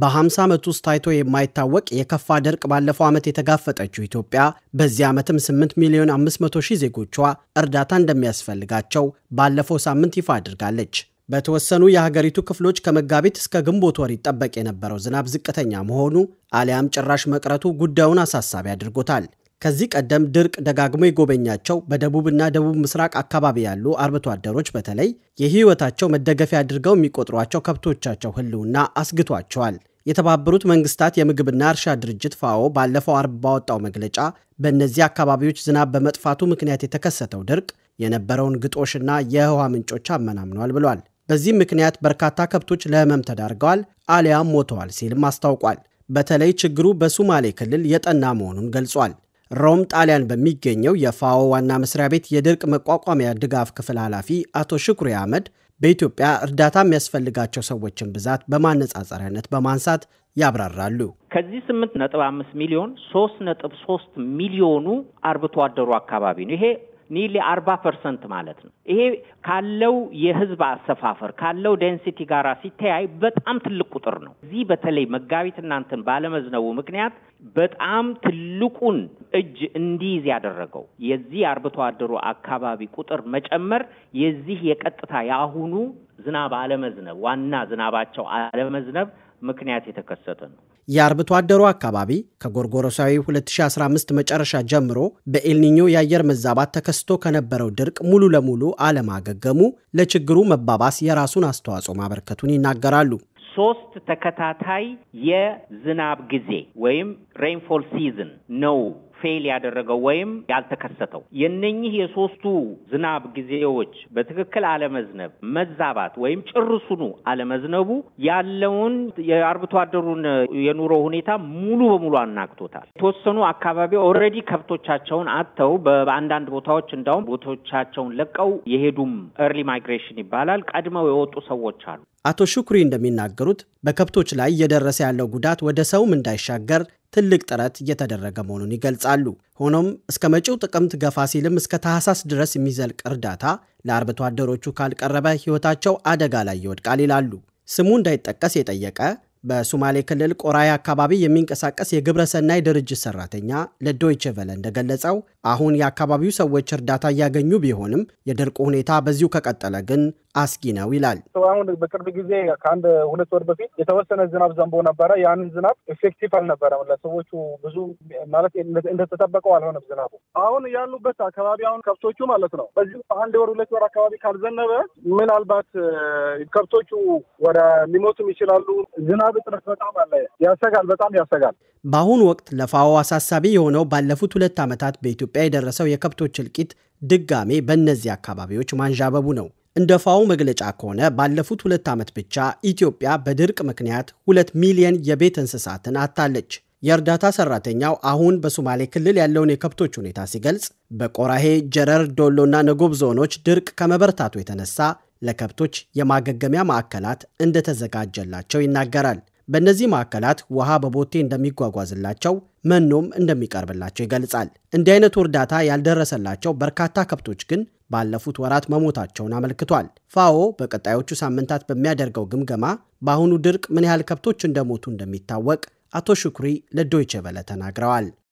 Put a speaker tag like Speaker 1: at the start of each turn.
Speaker 1: በ50 ዓመት ውስጥ ታይቶ የማይታወቅ የከፋ ድርቅ ባለፈው ዓመት የተጋፈጠችው ኢትዮጵያ በዚህ ዓመትም 8 ሚሊዮን 500 ሺህ ዜጎቿ እርዳታ እንደሚያስፈልጋቸው ባለፈው ሳምንት ይፋ አድርጋለች። በተወሰኑ የሀገሪቱ ክፍሎች ከመጋቢት እስከ ግንቦት ወር ይጠበቅ የነበረው ዝናብ ዝቅተኛ መሆኑ አሊያም ጭራሽ መቅረቱ ጉዳዩን አሳሳቢ አድርጎታል። ከዚህ ቀደም ድርቅ ደጋግሞ የጎበኛቸው በደቡብና ደቡብ ምስራቅ አካባቢ ያሉ አርብቶ አደሮች በተለይ የህይወታቸው መደገፊያ አድርገው የሚቆጥሯቸው ከብቶቻቸው ህልውና አስግቷቸዋል። የተባበሩት መንግስታት የምግብና እርሻ ድርጅት ፋኦ ባለፈው አርብ ባወጣው መግለጫ በእነዚህ አካባቢዎች ዝናብ በመጥፋቱ ምክንያት የተከሰተው ድርቅ የነበረውን ግጦሽና የውሃ ምንጮች አመናምኗል ብሏል። በዚህም ምክንያት በርካታ ከብቶች ለህመም ተዳርገዋል አሊያም ሞተዋል ሲልም አስታውቋል። በተለይ ችግሩ በሱማሌ ክልል የጠና መሆኑን ገልጿል። ሮም ጣሊያን በሚገኘው የፋኦ ዋና መስሪያ ቤት የድርቅ መቋቋሚያ ድጋፍ ክፍል ኃላፊ አቶ ሽኩሪ አህመድ በኢትዮጵያ እርዳታ የሚያስፈልጋቸው ሰዎችን ብዛት በማነጻጸሪያነት በማንሳት ያብራራሉ።
Speaker 2: ከዚህ ስምንት ነጥብ አምስት ሚሊዮን ሶስት ነጥብ ሶስት ሚሊዮኑ አርብቶ አደሩ አካባቢ ነው። ይሄ ኒሊ አርባ ፐርሰንት ማለት ነው። ይሄ ካለው የህዝብ አሰፋፈር ካለው ዴንሲቲ ጋር ሲተያይ በጣም ትልቅ ቁጥር ነው። እዚህ በተለይ መጋቢት እናንተን ባለመዝነቡ ምክንያት በጣም ትልቁን እጅ እንዲይዝ ያደረገው የዚህ አርብቶ አደሩ አካባቢ ቁጥር መጨመር የዚህ የቀጥታ የአሁኑ ዝናብ አለመዝነብ ዋና ዝናባቸው አለመዝነብ ምክንያት የተከሰተ ነው።
Speaker 1: የአርብቶ አደሩ አካባቢ ከጎርጎሮሳዊ 2015 መጨረሻ ጀምሮ በኤልኒኞ የአየር መዛባት ተከስቶ ከነበረው ድርቅ ሙሉ ለሙሉ አለማገገሙ ለችግሩ መባባስ የራሱን አስተዋጽኦ ማበርከቱን ይናገራሉ።
Speaker 2: ሶስት ተከታታይ የዝናብ ጊዜ ወይም ሬንፎል ሲዝን ነው ፌል ያደረገው ወይም ያልተከሰተው የነኚህ የሶስቱ ዝናብ ጊዜዎች በትክክል አለመዝነብ፣ መዛባት ወይም ጭርሱኑ አለመዝነቡ ያለውን የአርብቶ አደሩን የኑሮ ሁኔታ ሙሉ በሙሉ አናግቶታል። የተወሰኑ አካባቢ ኦልሬዲ ከብቶቻቸውን አጥተው በአንዳንድ ቦታዎች እንዳውም ቦታዎቻቸውን ለቀው የሄዱም ኤርሊ ማይግሬሽን ይባላል ቀድመው የወጡ ሰዎች አሉ።
Speaker 1: አቶ ሹክሪ እንደሚናገሩት በከብቶች ላይ እየደረሰ ያለው ጉዳት ወደ ሰውም እንዳይሻገር ትልቅ ጥረት እየተደረገ መሆኑን ይገልጻሉ። ሆኖም እስከ መጪው ጥቅምት ገፋ ሲልም እስከ ታህሳስ ድረስ የሚዘልቅ እርዳታ ለአርብቶ አደሮቹ ካልቀረበ ሕይወታቸው አደጋ ላይ ይወድቃል ይላሉ። ስሙ እንዳይጠቀስ የጠየቀ በሶማሌ ክልል ቆራይ አካባቢ የሚንቀሳቀስ የግብረሰናይ ድርጅት ሰራተኛ ለዶይቸ ቨለ እንደገለጸው አሁን የአካባቢው ሰዎች እርዳታ እያገኙ ቢሆንም የድርቁ ሁኔታ በዚሁ ከቀጠለ ግን አስጊ ነው ይላል።
Speaker 2: አሁን በቅርብ ጊዜ ከአንድ ሁለት ወር በፊት የተወሰነ ዝናብ ዘንቦ ነበረ። ያንን ዝናብ ኤፌክቲቭ አልነበረም ለሰዎቹ ብዙ ማለት እንደተጠበቀው አልሆነም ዝናቡ። አሁን ያሉበት አካባቢ አሁን ከብቶቹ ማለት ነው በዚህ አንድ ወር ሁለት ወር አካባቢ ካልዘነበ ምናልባት ከብቶቹ ወደ ሊሞቱም ይችላሉ ዝናብ የረሃብ እጥረት በጣም አለ። ያሰጋል፣ በጣም ያሰጋል።
Speaker 1: በአሁኑ ወቅት ለፋኦ አሳሳቢ የሆነው ባለፉት ሁለት ዓመታት በኢትዮጵያ የደረሰው የከብቶች እልቂት ድጋሜ በእነዚህ አካባቢዎች ማንዣበቡ ነው። እንደ ፋኦ መግለጫ ከሆነ ባለፉት ሁለት ዓመት ብቻ ኢትዮጵያ በድርቅ ምክንያት ሁለት ሚሊየን የቤት እንስሳትን አታለች። የእርዳታ ሰራተኛው አሁን በሶማሌ ክልል ያለውን የከብቶች ሁኔታ ሲገልጽ በቆራሄ፣ ጀረር፣ ዶሎና ነጎብ ዞኖች ድርቅ ከመበርታቱ የተነሳ ለከብቶች የማገገሚያ ማዕከላት እንደተዘጋጀላቸው ይናገራል። በእነዚህ ማዕከላት ውሃ በቦቴ እንደሚጓጓዝላቸው መኖም እንደሚቀርብላቸው ይገልጻል። እንዲህ አይነቱ እርዳታ ያልደረሰላቸው በርካታ ከብቶች ግን ባለፉት ወራት መሞታቸውን አመልክቷል። ፋኦ በቀጣዮቹ ሳምንታት በሚያደርገው ግምገማ በአሁኑ ድርቅ ምን ያህል ከብቶች እንደሞቱ እንደሚታወቅ አቶ ሽኩሪ ለዶይቼ ቬለ ተናግረዋል።